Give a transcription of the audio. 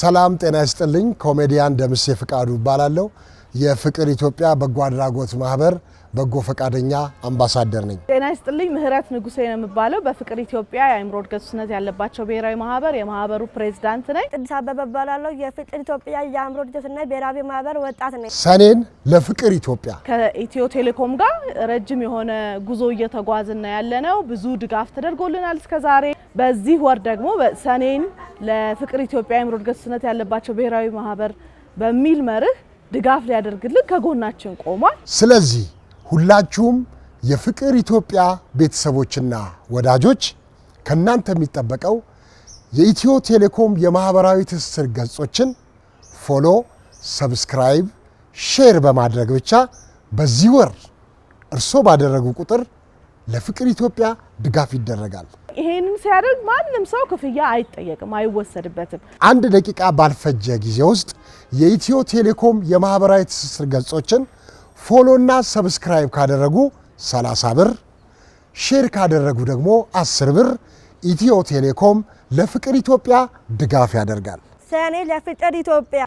ሰላም ጤና ይስጥልኝ። ኮሜዲያን ደምሴ ፍቃዱ እባላለሁ። የፍቅር ኢትዮጵያ በጎ አድራጎት ማህበር በጎ ፈቃደኛ አምባሳደር ነኝ። ጤና ይስጥልኝ። ምህረት ንጉሴ ነው የምባለው። በፍቅር ኢትዮጵያ የአእምሮ እድገት ውስንነት ያለባቸው ብሔራዊ ማህበር የማህበሩ ፕሬዝዳንት ነኝ። ቅዱስ አበበ እባላለሁ። የፍቅር ኢትዮጵያ የአእምሮ እድገትና ብሔራዊ ማህበር ወጣት ነኝ። ሰኔን ለፍቅር ኢትዮጵያ ከኢትዮ ቴሌኮም ጋር ረጅም የሆነ ጉዞ እየተጓዝና ያለ ነው። ብዙ ድጋፍ ተደርጎልናል እስከዛሬ። በዚህ ወር ደግሞ ሰኔን ለፍቅር ኢትዮጵያ የአእምሮ እድገት ውስንነት ያለባቸው ብሔራዊ ማህበር በሚል መርህ ድጋፍ ሊያደርግልን ከጎናችን ቆሟል። ስለዚህ ሁላችሁም የፍቅር ኢትዮጵያ ቤተሰቦችና ወዳጆች ከእናንተ የሚጠበቀው የኢትዮ ቴሌኮም የማህበራዊ ትስስር ገጾችን ፎሎ፣ ሰብስክራይብ፣ ሼር በማድረግ ብቻ በዚህ ወር እርስዎ ባደረጉ ቁጥር ለፍቅር ኢትዮጵያ ድጋፍ ይደረጋል። ይሄንን ሲያደርግ ማንም ሰው ክፍያ አይጠየቅም፣ አይወሰድበትም። አንድ ደቂቃ ባልፈጀ ጊዜ ውስጥ የኢትዮ ቴሌኮም የማህበራዊ ትስስር ገጾችን ፎሎና ሰብስክራይብ ካደረጉ 30 ብር፣ ሼር ካደረጉ ደግሞ 10 ብር ኢትዮ ቴሌኮም ለፍቅር ኢትዮጵያ ድጋፍ ያደርጋል። ሰኔ ለፍቅር ኢትዮጵያ